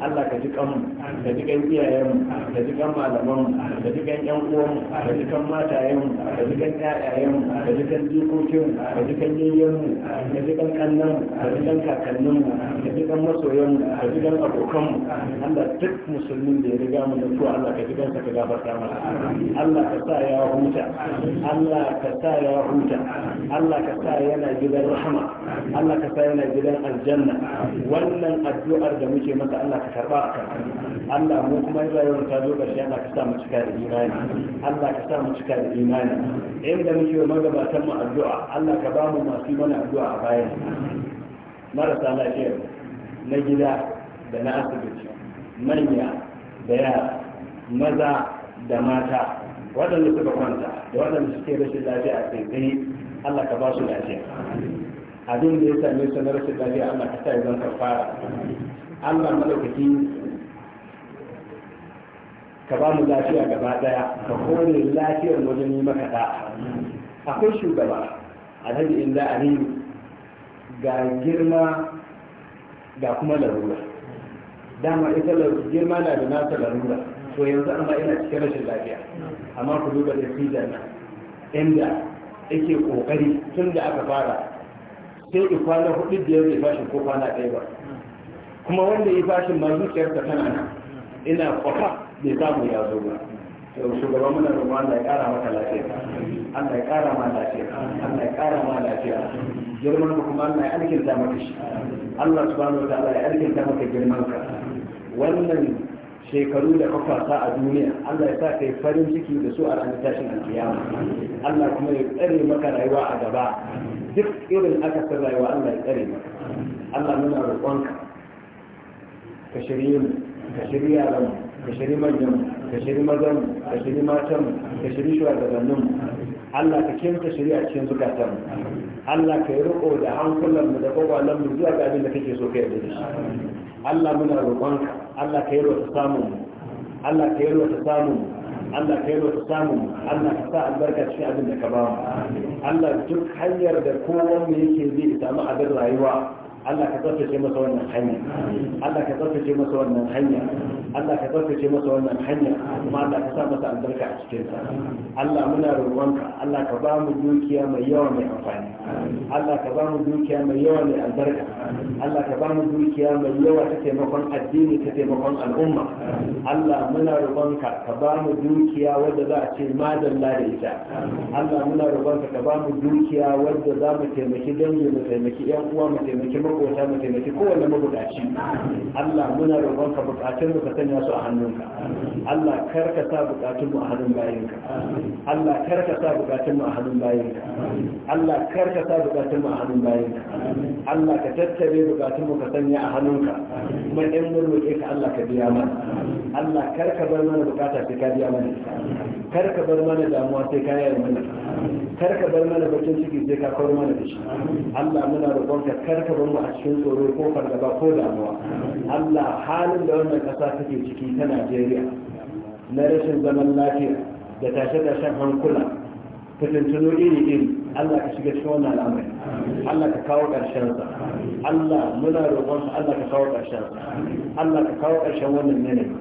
Allah ka ji kanmu ka ji kan iyayenmu ka ji kan malamanmu ka ji kan yan uwanmu ka ji kan matayenmu ka ji kan ƴaƴayenmu ka ji kan jikokin ka ji kan yayyenmu ka ji kan kannan ka ji kan kakanninmu ka ji kan masoyanmu ka ji kan abokanmu Allah duk musulmin da ya riga mu mutuwa Allah ka ji kansa ka gafarta mana Allah ka sa ya huta Allah ka sa ya huta Allah ka sa yana gidan rahama Allah ka sa yana gidan aljanna wannan addu'ar da muke masa Allah ka karba a kan Allah mu kuma yi rayuwar ta zo karshe Allah ka sa mu cika da imani Allah ka sa mu cika da imani inda muke magabatan mu addu'a Allah ka ba mu masu mana addu'a a bayan marasa lafiyar na gida da na asibiti manya da yara maza da mata waɗanda suka kwanta da waɗanda suke rashin lafiya a tsaye Allah ka ba su lafiya abin da ya same su na rashin a Allah ka sa zan fara Allah madaukaki ka ba mu lafiya gaba daya ka kore lafiyar wajen yi maka da'a akwai shugaba a yi inda abin ga girma ga kuma larura dama ita girma na da nasa larura to yanzu amma ina cikin rashin lafiya amma ku duba da fidan nan inda ake kokari tun da aka fara sai in kwana hudu biyar bai fashin ko kwana ɗaya ba kuma wanda yi fashin ma zuciyarsa tana nan ina kwafa bai samu ya zo ba yau shugaba muna roƙon Allah ya kara maka lafiya Allah ya kara ma lafiya Allah ya kara ma lafiya girman ku kuma Allah ya alkinta maka shi Allah subhanahu wa ta'ala ya alkinta maka girman ka wannan shekaru da kafasa a duniya Allah ya sa kai farin ciki da su a ranar tashin alkiyama Allah kuma ya tsare maka rayuwa a gaba duk irin aka san rayuwa Allah ya tsare maka Allah muna roƙonka ka shirye mu ka shirye yaran mu ka shirye manyan mu ka shirye mazan mu ka shirye matan mu ka shirye shugabannin mu Allah ka kimta shirye a cikin zukatan mu Allah ka yi riko da hankulan mu da kwakwalan mu zuwa ga abin da kake so ka yarda da shi Allah muna roƙonka Allah ka yalwata samun Allah ka yalwata samun Allah ka samun Allah ka sa albarka cikin abin da ka ba Allah duk hanyar da kowanne yake zai samu abin rayuwa Allah ka tsaftace masa wannan hanya Allah ka tsaftace masa wannan hanya Allah ka tsaftace masa wannan hanya kuma Allah ka sa masa albarka a cikin sa Allah muna roƙonka Allah ka ba mu dukiya mai yawa mai amfani Allah ka ba mu dukiya mai yawa mai albarka Allah ka ba mu dukiya mai yawa ta taimakon addini ta taimakon al'umma Allah muna roƙonka ka ba mu dukiya wadda za a ce madalla da ita Allah muna roƙonka ka ba mu dukiya wadda za mu taimaki dangi mu taimaki ƴan uwa mu taimaki gurgurta mu taimaki kowanne mabukaci Allah muna roƙon ka buƙatun mu ka sanya su a hannunka Allah kar ka sa buƙatun mu a hannun bayinka Allah kar ka sa buƙatun mu a hannun bayinka Allah kar ka sa buƙatun mu a hannun bayinka Allah ka tattare buƙatun mu ka sanya a hannunka kuma in murmuke ka Allah ka biya mana Allah kar ka bar mana bukata sai ka biya mana karka bar mana damuwa sai ka yaya mana kar ka bar mana bakin ciki sai ka kawar mana da shi Allah muna roƙon ka kar ka bar mu a cikin tsoro ko fargaba ko damuwa Allah halin da wannan ƙasa take ciki ta Najeriya na rashin zaman lafiya da tashe-tashen hankula fitintuno iri-iri Allah ka shiga cikin wannan al'amari Allah ka kawo ƙarshen sa Allah muna roƙon Allah ka kawo ƙarshen sa Allah ka kawo ƙarshen wannan yanayi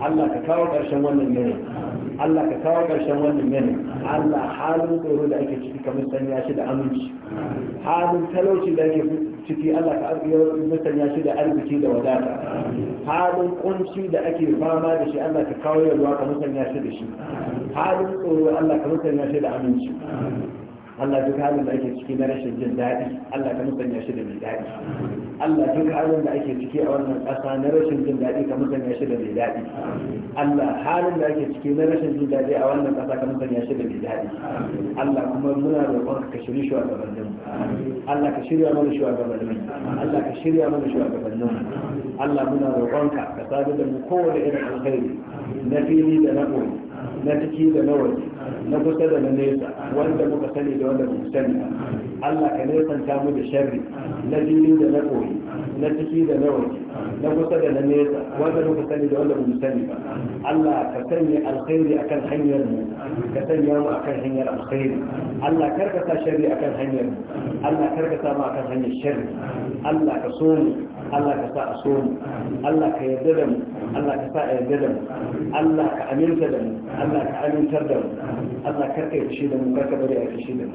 Allah ka kawo ƙarshen wannan yanayi Allah ka kawo ƙarshen wannan yanayi Allah halin tsoro da ake ciki kamar sanya shi da aminci halin talauci da ake ciki Allah ka musanya shi da arziki da wadata halin kunci da ake fama da shi Allah ka kawo yalwa ka musanya shi da shi halin tsoro Allah ka musanya shi da aminci Allah duk halin da ake ciki na rashin jin daɗi Allah ka musanya shi da mai daɗi Allah duk halin da ake ciki a wannan ƙasa na rashin jin daɗi ka musanya shi da mai daɗi Allah halin da ake ciki na rashin jin daɗi a wannan ƙasa ka musanya shi da mai daɗi Allah kuma muna roƙon ka shiri shi a gaban mu Allah ka shirya mana shi a gaban mu Allah ka shirya mana shi a gaban mu Allah muna roƙon ka ka sadu da mu kowane irin alkhairi na fili da na ƙoyi na ciki da na waje na kusa da na nesa wanda muka sani da wanda muka sani Allah ka nesanta mu da sharri na jini da na koyi na ciki da na waje na kusa da na nesa wanda muka sani da wanda muka sani ba Allah ka sanya alkhairi akan hanyar mu ka sanya mu akan hanyar alkhairi Allah kar sa sharri akan hanyar mu Allah kar sa mu akan hanyar sharri Allah ka so mu Allah ka sa a so mu Allah ka yarda da mu Allah ka sa a yarda da mu Allah ka aminta da mu Allah ka amintar da mu Allah kar karka kishi da mu kar ka bari a kishi da mu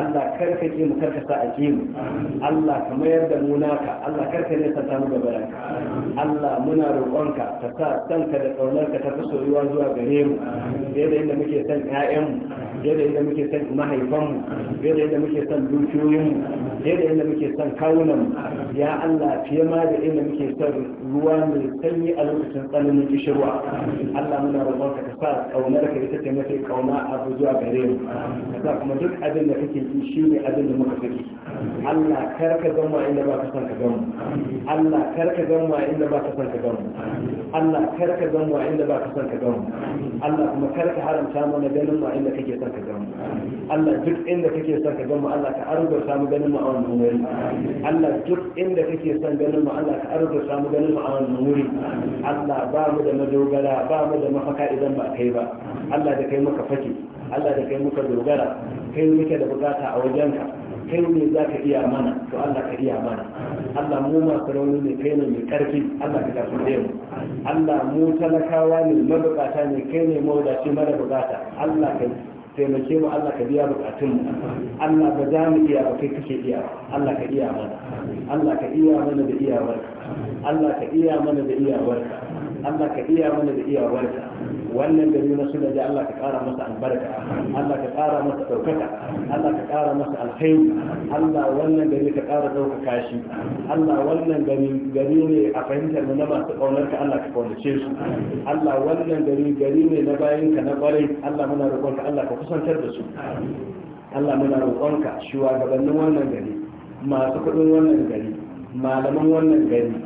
Allah kar ka ki mu ka sa a ki mu Allah ka mayar da mu naka Allah kar karka ne ta samu gaba da Allah muna roƙonka ka sa sanka da ƙaunarka ta fi soyuwa zuwa gare mu da yadda inda muke son ƴaƴanmu da yadda inda muke son mahaifanmu da yadda inda muke son dukiyoyinmu da yadda inda muke son kawunanmu ya Allah fiye je ma da inda muke son ruwa mai sanyi a lokacin tsananin kishirwa Allah muna roƙon ka sa kaunar ka ita ce mafi kauna a zuwa gare mu ka kuma duk abin da kake ki shi ne abin da muka saki Allah kar ka zama mu inda baka son ka gan mu Allah kar ka zama mu inda baka son ka gan mu Allah kar ka zama mu inda baka son ka gan mu Allah kuma kar ka haramta mana ganin mu inda kake son ka gan mu Allah duk inda kake son ka gan mu Allah ka arzuta mu ganin mu a wannan wuri Allah duk inda kake son ganin ganin ba Allah ka arzuta mu ganin mu a wannan wuri Allah ba mu da madogara ba mu da mafaka idan ba kai ba Allah da kai muka fake Allah da kai muka dogara kai muke da bukata a wajenka kai ne za ka iya mana to Allah ka iya mana Allah mu masu rauni ne kai ne mai karfi Allah ka tafi mu Allah mu talakawa ne mabukata ne kai ne mawadaci mara bukata Allah ka taimake mu Allah ka biya bukatun mu Allah ba za mu iya ba kai kake iya Allah ka iya mana Allah ka iya mana da iyawarka Allah ka iya mana da iyawarka Allah ka iya mana da iyawarka wannan gari na suna da Allah ka ƙara masa albarka Allah ka ƙara masa ɗaukaka Allah ka ƙara masa alkhairi Allah wannan gari ka ƙara ɗaukaka shi Allah wannan gari gari ne a fahimtar mu na masu ƙaunar ka Allah ka ƙaunace su Allah wannan gari gari ne na bayan ka na ƙwarai Allah muna roƙon ka Allah ka kusantar da su Allah muna ka shugabannin wannan gari masu kuɗin wannan gari malaman wannan gari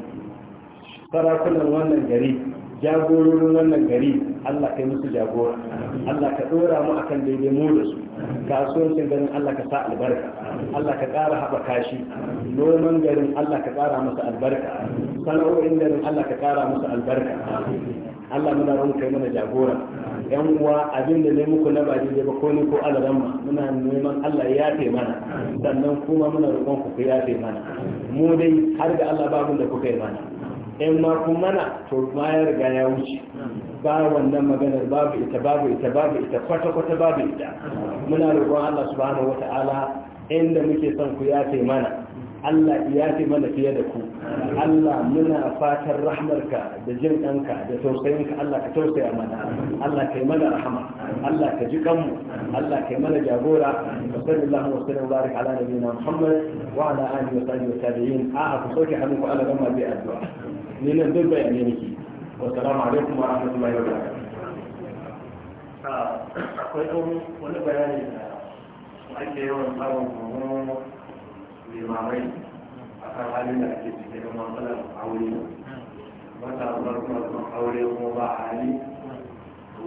sarakunan wannan gari jagororin wannan gari Allah kai musu jagora Allah ka dora mu akan daidai mu da su kasuwancin garin Allah ka sa albarka Allah ka ƙara haɓaka shi noman garin Allah ka ƙara masa albarka sana'o'in garin Allah ka ƙara masa albarka Allah muna ran kai mana jagora yan uwa abin da ne muku na ba daidai ba ko ni ko alaran muna neman Allah ya yafe mana sannan kuma muna roƙon ku ku yafe mana mu dai har da Allah babun da kuka yi mana in mako mana to ma ya ya wuce ba wannan maganar babu ita babu ita babu ita kwata kwata babu ita muna roƙon Allah subhanahu wata'ala inda muke son ku yafe mana Allah yafe mana fiye da ku Allah muna fatan rahmarka da jin ɗanka da tausayinka Allah ka tausaya mana Allah kai mana rahama Allah ka ji kanmu Allah kai mana jagora wa sallallahu wa sallam barik ala nabiyina Muhammad wa ala alihi wa sahbihi wa tabi'in a ku soke hannu ku Allah gama bi addu'a ni nan duk bayani wa salamu alaikum wa rahmatullahi wa barakatuh ah, akwai ɗan wani bayani da ake yawan samun kuma limamai a kan halin da ake cike da matsalar aure kuma matsalar aure kuma ba hali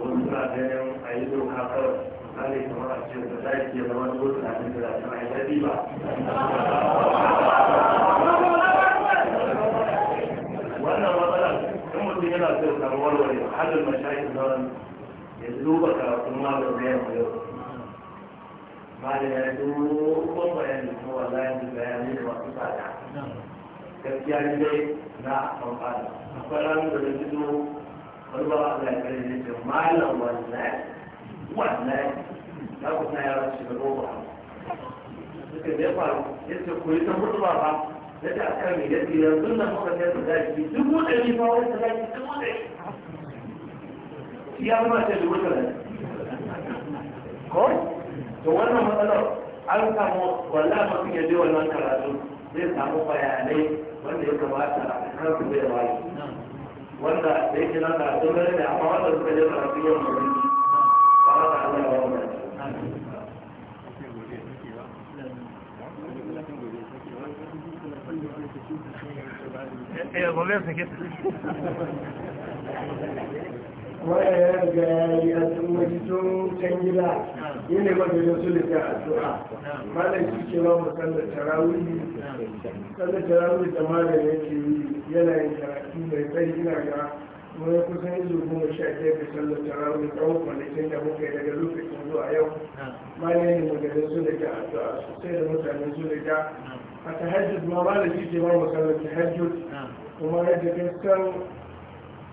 wasu suna ganin a yi doka kawai misali kamar a ce da za ke zama dole na jin da za ki ba كده بيرجع مره واحده حد المشاكل ده يذوبك على طول مره واحده بعد ما يدوب وطن هو لا يدري ما يقطع يعني كيف يعني ده لا فقال فقال له يدوب قلبا على كل شيء ما له ولا لا ولا لا لو كنا يا رب شبه روحه لكن بيقطع يسوي كل شيء مرتبط da ta kame da su yanzu nan muka kai su zaki dubu ɗari ma wani ta zaki dubu ɗari ya kuma ta dubu ɗari ko to wannan matsalar an samu wallah mutum ya je wannan karatu zai samu bayanai wanda ya kamata a kan su bai wani wanda da yake nan karatu ne amma wanda suka je karatu yau ne ba za ta Allah ya wayar ya cikin can gida yi ne mata yin su da sallar da yi yana yin mai tsayi ina ga wani kusan izu goma sha ɗaya da sallar tarawih tsawon kwanakin da muka yi daga lokacin zuwa yau malar yin magana su da addu'a sosai da mutanen su da a tahajjud ma malami ke ba makarar tahajjud kuma yadda kan san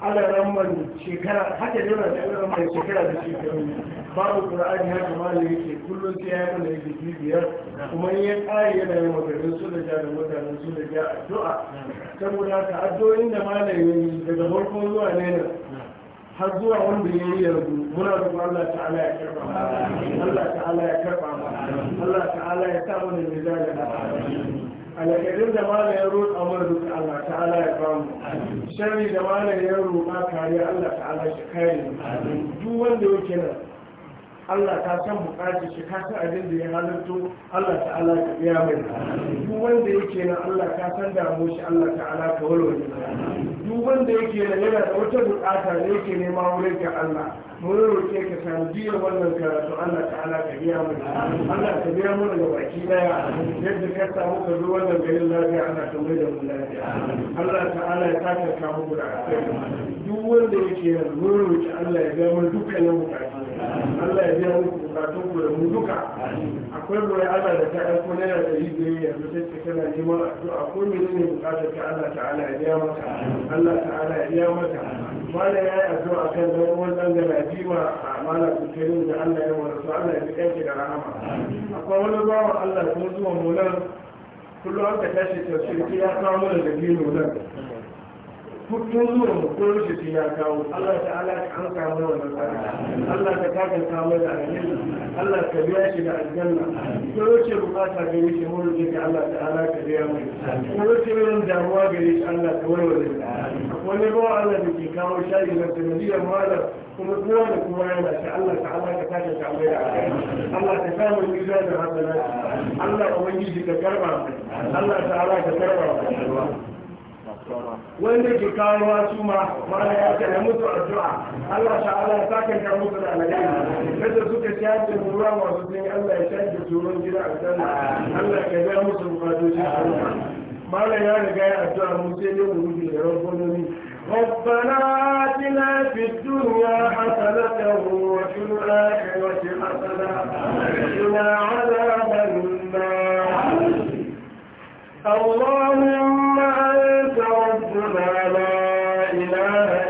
alaran man shekara haka yana da alaran man shekara da shekaru babu qur'ani haka malami yake kullum sai ya yi mana yake bibiyar kuma ya ƙare yana yin magarin su da ja da mutanen su da ja addu'a saboda haka da malami daga farko zuwa ne har zuwa wanda ya yi yanzu muna da Allah ta'ala ya karɓa Allah ta'ala ya karɓa Allah ta'ala ya sa mana mizani alƙadin da mana ya roƙa mana duk Allah ta'ala ya ba mu sharri da mana ya roƙa kariya Allah ta'ala shi kare duk wanda yake nan Allah ta san bukatar shi ka san abin da ya halarto Allah ta'ala ka biya mai duk wanda yake nan Allah ka san damu shi Allah ta'ala ka walwale duk wanda yake nan yana da wata bukata da yake nema wurin ka Allah mun roƙe ka sanadiyar wannan karatu Allah ta'ala ka biya mai Allah ta biya mana da baki daya yadda ka samu ka zo wannan garin lafiya ana ta mai da mu lafiya Allah ta'ala ya taka ka mu duk wanda yake nan mun roƙe Allah ya biya mu dukkanin bukatu Allah ya biya muku bukatun ku da mu duka akwai goyi Allah da ta aiko na da ɗari biyu yanzu sai ta kana neman addu'a ko mene ne ne bukatar ka Allah ta'ala ya biya mata Allah ta'ala ya biya mata mala ya yi addu'a kan dan uwan dan galabiwa a mala kusurin da Allah ya warasu Allah ya bi kanki da rahama akwai wani bawan Allah kuma zuwa mu kullum an ka tashi tafsir ya kawo mana da biyu nan kullum zuwa mu ko rufe ya kawo Allah ta'ala ka an kawo da wannan tsara Allah ta kaka kawo da aljanna Allah ka biya shi da aljanna ko yace bukata gare shi mu rufe ka Allah ta'ala ka biya mu ko yace wannan damuwa gare shi Allah ka warware wani ruwa Allah da ke kawo shayi na sanadiyar malam kuma kuma da kuma yana shi Allah ta'ala ka kaka kawo da aljanna Allah ta samu rijiya da hasanati Allah ubangiji ka karba Allah ta'ala ka karba wanda ke kawo wasu ma mana ya ce mutu addu'a Allah ta'ala ya saka ta mutu da alheri kada suka ci hajjin ruwa masu sun Allah ya shaƙi turon gida a Allah ya ga musu fadoji a ya riga ya addu'a mu sai dai mu rufe da ربنا آتنا في الدنيا حسنة وفي الآخرة حسنة وقنا عذاب النار اللهم لا إله